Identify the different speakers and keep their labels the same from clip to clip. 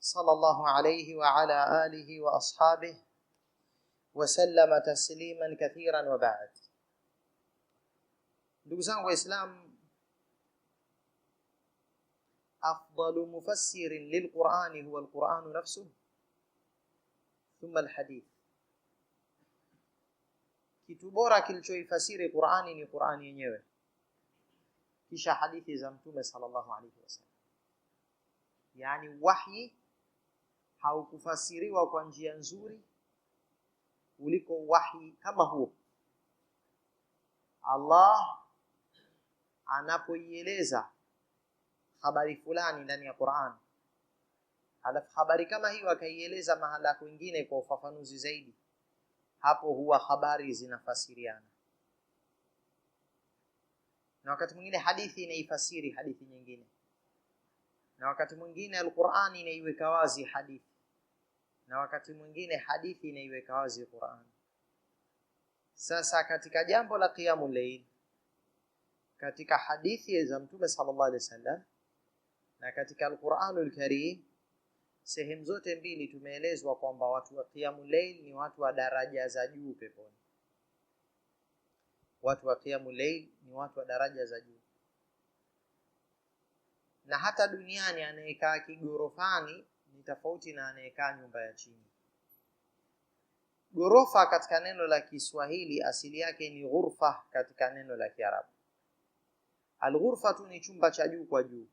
Speaker 1: صلى الله عليه وعلى اله واصحابه وسلم تسليما كثيرا وبعد ndugu zangu waislamu afdalu mufassirin lilqurani huwa alquranu nafsuhu thumma alhadith kitu bora kilichoifasiri qurani ni qurani yenyewe kisha hadithi za mtume salllahu alaihi wasallam yani wahyi haukufasiriwa kwa njia nzuri kuliko wahi kama huo allah anapoieleza habari fulani ndani ya quran halafu habari kama hiyo akaieleza mahala kwingine kwa ufafanuzi zaidi hapo huwa habari zinafasiriana na wakati mwingine hadithi inaifasiri hadithi nyingine na wakati mwingine alquran inaiweka wazi hadithi na wakati mwingine hadithi inaiweka wazi Qur'an. Sasa katika jambo la qiyamu layl, katika hadithi za Mtume sallallahu alaihi wasallam na katika Al-Qur'anul Karim, sehemu zote mbili tumeelezwa kwamba watu wa qiyamu layl ni watu wa daraja za juu peponi. Watu wa qiyamu layl ni watu wa daraja za juu na hata duniani anayekaa kigorofani ni tofauti na anayekaa nyumba ya chini. Ghorofa katika neno la Kiswahili asili yake ni ghurfa katika neno la Kiarabu. Alghurfa tu ni chumba cha juu kwa juu,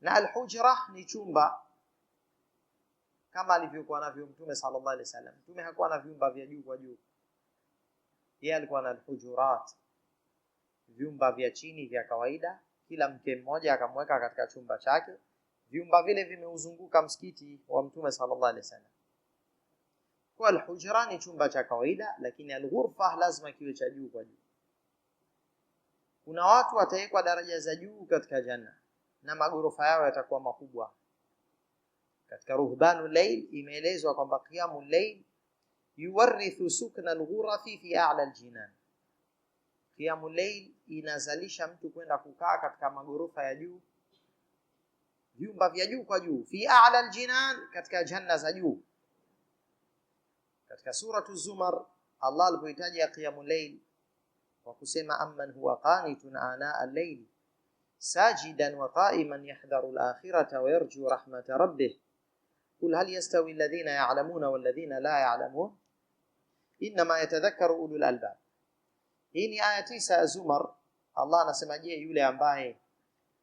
Speaker 1: na alhujra ni chumba kama alivyokuwa navyo Mtume sallallahu alaihi wasallam. Mtume hakuwa na vyumba vya juu kwa juu, yeye alikuwa na alhujurat, vyumba vya chini vya kawaida, kila mke mmoja akamweka katika chumba chake vyumba vile vimeuzunguka msikiti wa mtume sallallahu alaihi wasallam kwa alhujra ni chumba cha kawaida lakini alghurfa lazima kiwe cha juu kwa juu kuna watu watawekwa daraja za juu katika janna na magorofa yao yatakuwa makubwa katika ruhbanu lail imeelezwa kwamba qiyamu lail yuwarithu sukna alghurafi fi a'la aljinan qiyamu lail inazalisha mtu kwenda kukaa katika magorofa ya juu vyumba vya juu kwa juu fi a'la aljinan katika janna za juu katika suratu zumar allah alipohitaja qiyamul layl kwa kusema amman huwa qanitun ana al-layl sajidan wa qa'iman yahdharu al-akhirata wa yarju rahmata rabbih hal yastawi alladhina ya'lamuna wal ladhina la ya'lamun لا yatadhakkaru ulul albab. Hii ni aya آية تسعة Zumar. Allah anasema je, yule ambaye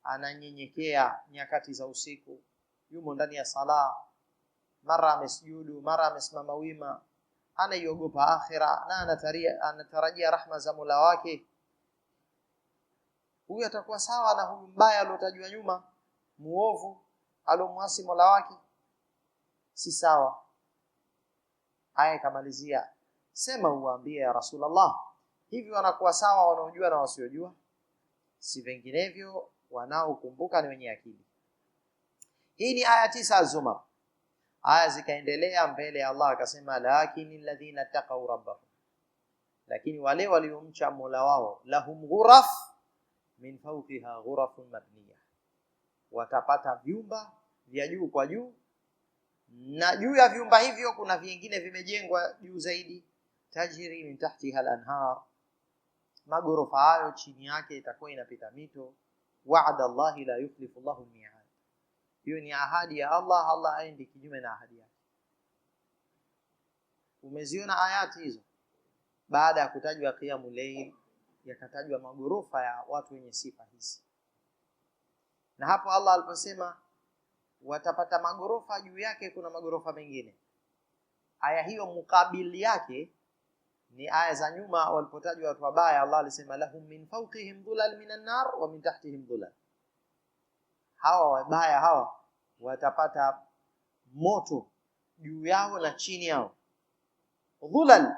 Speaker 1: ananyenyekea nyakati za usiku, yumo ndani ya sala, mara amesujudu, mara amesimama wima, anaiogopa akhira na anatarajia rahma za Mola wake. Huyu atakuwa sawa na huyu mbaya aliotajwa nyuma, muovu alomwasi Mola wake, si sawa. Aya ikamalizia sema, uwaambie ya Rasulullah, hivi wanakuwa sawa wanaojua na wasiojua? Si vinginevyo wanaokumbuka ni wenye akili. Hii ni aya tisa Azumar. Aya zikaendelea mbele ya Allah akasema, lakini alladhina taqaw rabbahum, lakini wale waliomcha mola wao, lahum ghuraf min fawqiha ghurafun mabniya, watapata vyumba vya juu kwa juu, na juu ya vyumba hivyo kuna vingine vimejengwa juu zaidi. Tajri min tahtiha al-anhar, magorofa hayo chini yake itakuwa inapita mito wa'ada Allah la yukhlifu Allahu mi'ad, hiyo ni ahadi ya Allah. Allah aendi kinyume na ahadi yake. Umeziona ayati hizo, baada ya kutajwa qiyamul layl yakatajwa magorofa ya watu wenye sifa hizi, na hapo Allah aliposema watapata magorofa juu yake kuna magorofa mengine, aya hiyo mukabili yake ni aya za nyuma walipotajwa watu wabaya, Allah alisema lahum min fawqihim dhulal minan nar wa min tahtihim dhulal, hawa wabaya hawa watapata moto juu yao na chini yao. Dhulal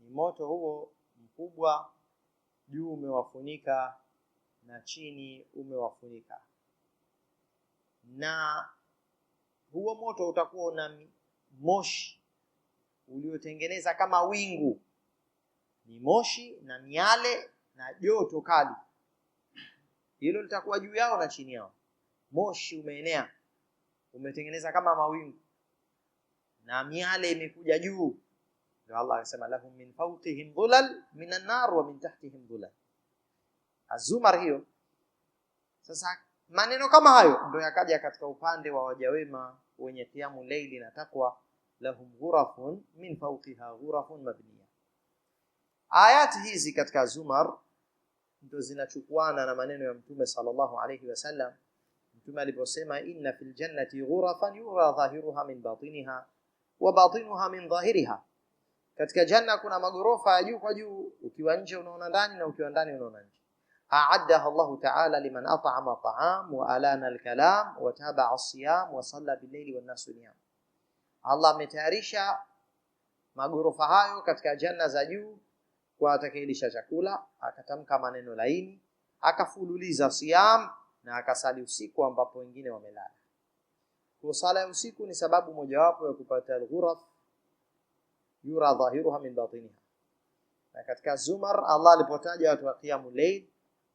Speaker 1: ni moto huo mkubwa, juu umewafunika na chini umewafunika, na huo moto utakuwa una moshi uliotengeneza kama wingu, ni moshi na miale na joto kali, hilo litakuwa juu yao na chini yao. Moshi umeenea umetengeneza kama mawingu na miale imekuja juu, ndio Allah akasema lahum min fawqihim dhulal min an-nar wa min tahtihim dhulal. Azumar hiyo sasa maneno kama hayo ndio yakaja katika upande wa wajawema wenye tiamu leili na takwa لهم غرف من فوقها غرف مبنية آيات هذه كتك زمر دوزنا تشكوانا نمانين يمتوم صلى الله عليه وسلم يمتوم لبسيما إن في الجنة غرفا يرى ظاهرها من باطنها وباطنها من ظاهرها كتك جنة كنا مغروفا يو وجو وكيوانجا ونوناداني وكيوانداني ونوناني أعدها الله تعالى لمن أطعم الطعام وألان الكلام وتابع الصيام وصلى بالليل والناس نيام Allah ametayarisha maghorofa hayo katika janna za juu kwa atakayelisha chakula, akatamka maneno laini, akafululiza siam na akasali usiku ambapo wengine wamelala. Kwa sala ya usiku ni sababu mojawapo ya kupata alghuraf yura dhahiruha min batiniha. Na katika Zumar Allah alipotaja watu wa qiyamul layl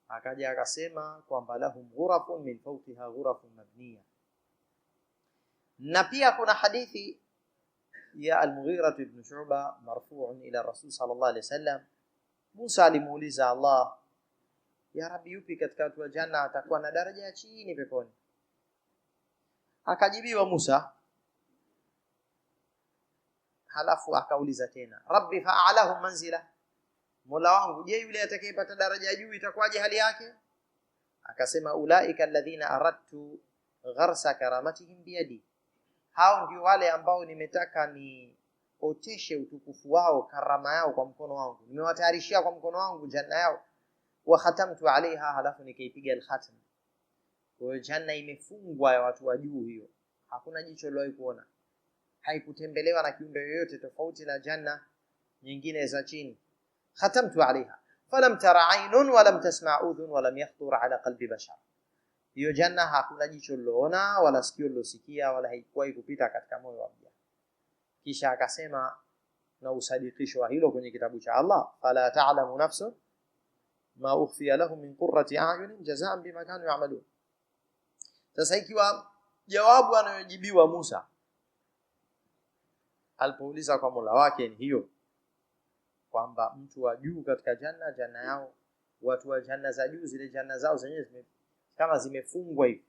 Speaker 1: akaja akasema kwamba lahum ghurafun min fawqiha ghurafun mabniya na pia kuna hadithi ya Al-Mughira ibn Shu'ba marfu'un ila Rasul sallallahu alaihi wasallam Musa alimuuliza Allah ya Rabbi yupi katika watu wa janna atakuwa na daraja ya chini peponi akajibiwa Musa halafu akauliza tena Rabbi fa'alahu manzila Mola wangu je yule atakayepata daraja juu itakuwaje hali yake akasema ulaika alladhina aradtu gharsa karamatihim biyadi hao ndio wale ambao nimetaka nioteshe utukufu wao karama yao kwa mkono wangu nimewatayarishia kwa mkono wangu janna yao wa khatamtu alaiha halafu nikaipiga alkhatam kwa hiyo janna imefungwa ya watu wa juu hiyo hakuna jicho liliwahi kuona haikutembelewa na kiumbe yoyote tofauti na janna nyingine za chini khatamtu alaiha falam tara ainun walam tasma udhun walam yakhtur ala qalbi bashar hiyo janna hakuna jicho liloona wala sikio lilosikia wala haikuwahi kupita katika moyo wa mja. Kisha akasema na usadikisho wa hilo kwenye kitabu cha Allah, fala ta'lamu nafsun ma ukhfiya lahum min qurrati a'yunin jazaan bima kanu ya'malun. Sasa ikiwa jawabu anayojibiwa Musa alipouliza kwa Mola wake ni hiyo kwamba mtu wa juu katika janna, janna yao watu wa janna za juu, zile janna zao zenyewe kama zimefungwa hivi,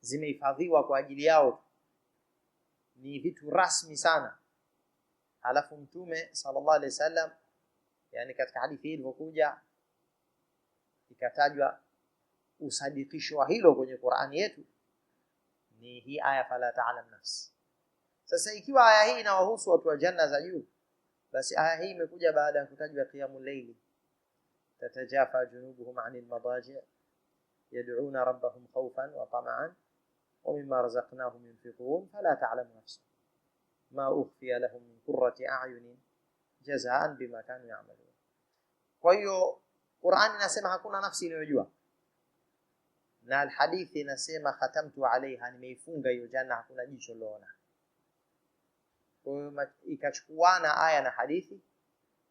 Speaker 1: zimehifadhiwa kwa ajili yao, ni vitu rasmi sana. alafu Mtume sallallahu alaihi wasallam, yani katika hadithi hii ilivyokuja, ikatajwa usadikisho wa hilo kwenye Qur'ani yetu ni hii aya fala ta'lam nafsi. Sasa ikiwa aya hii inawahusu watu wa janna za juu, basi aya hii imekuja baada ya kutajwa qiyamul layli تتجافى جنوبهم عن المضاجع يدعون ربهم خوفا وطمعا ومما رزقناهم ينفقون فلا تعلم نفس ما أخفي لهم من قرة أعين جزاء بما كانوا يعملون كويو قرآن نسمع كنا نفسي نعجوا نا الحديث نسمع ختمت عليها نميفون غيو جانا كنا نجلونا كويو ما إكاشكوانا آية حديثي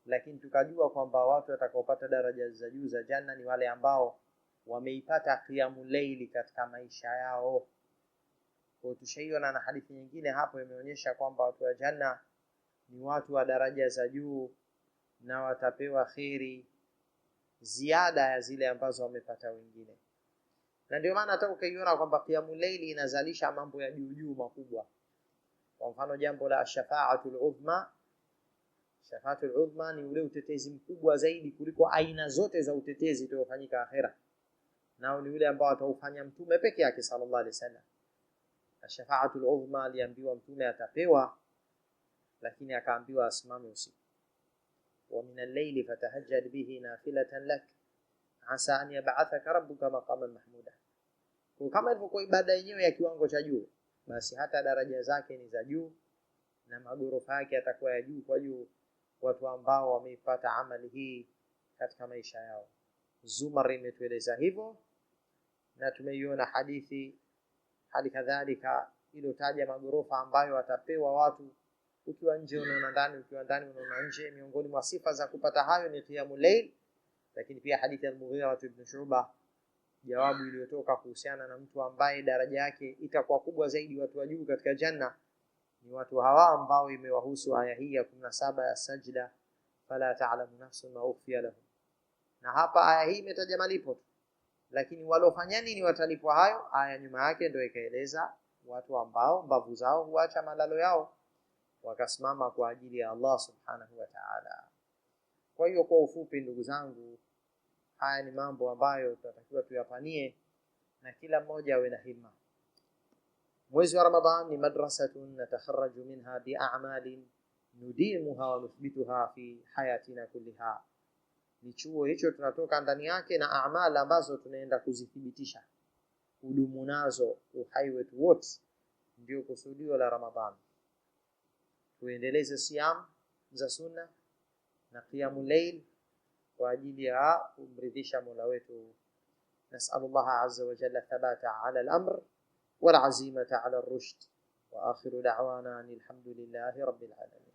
Speaker 1: lakini tukajua kwamba watu watakaopata daraja za juu za janna ni wale ambao wameipata qiyamu leili katika maisha yao. Kwa tushaiona na hadithi nyingine hapo imeonyesha kwamba watu wa janna ni watu wa daraja za juu na watapewa kheri ziada ya zile ambazo wamepata wengine, na ndio maana hata ukaiona kwamba qiyamu leili inazalisha mambo ya juujuu makubwa. Kwa mfano jambo la shafaatul udhma Shafaatul udhma ni ule utetezi mkubwa zaidi kuliko aina zote za utetezi utakofanyika akhera, nao ni ule ambao ataufanya mtume peke yake sallallahu alaihi wasallam. Shafaatul udhma aliambiwa mtume atapewa, lakini akaambiwa asimame usiku. Wa min al-layli fatahajjad bihi nafilatan lak asa an yab'athaka rabbuka maqaman mahmuda. Kwa kama ilivyokuwa ibada yenyewe ya kiwango cha juu, basi hata daraja zake ni za juu na magorofa yake yatakuwa ya juu kwa juu watu ambao wameipata amali hii katika maisha yao. Zumar imetueleza hivyo, na tumeiona hadithi hali kadhalika iliyotaja magorofa ambayo watapewa watu, ukiwa nje unaona ndani, ukiwa ndani unaona nje. Miongoni mwa sifa za kupata hayo ni qiyamu leil, lakini pia hadithi ya Mughira ibn Shuba, jawabu iliyotoka kuhusiana na mtu ambaye daraja yake itakuwa kubwa zaidi, watu wa juu katika janna ni watu hawa ambao imewahusu aya hii ya kumi na saba ya Sajda, fala talamu nafsun ma ukhfiya lahum. Na hapa aya hii imetaja malipo tu, lakini walofanya nini watalipwa hayo. Aya nyuma yake ndio ikaeleza watu ambao mbavu zao huacha malalo yao wakasimama kwa ajili ya Allah subhanahu wa ta'ala. Kwa hiyo kwa ufupi, ndugu zangu, haya ni mambo ambayo tunatakiwa tuyapanie na kila mmoja awe na himma. مويزو رمضان لمدرسة نتخرج منها بأعمال نديمها ونثبتها في حياتنا كلها لتشوه هيتشو تنطوك عن دنياك نا أعمال أبازو تنيندا كوزي في بيتشا ولو منازو وحيوة ووت ديو كسودي ولا رمضان ويندليز السيام زا سنة نقيام الليل وأجيبها مولا ويتو نسأل الله عز وجل الثبات على الأمر والعزيمة على الرشد وآخر دعوانا أن الحمد لله رب العالمين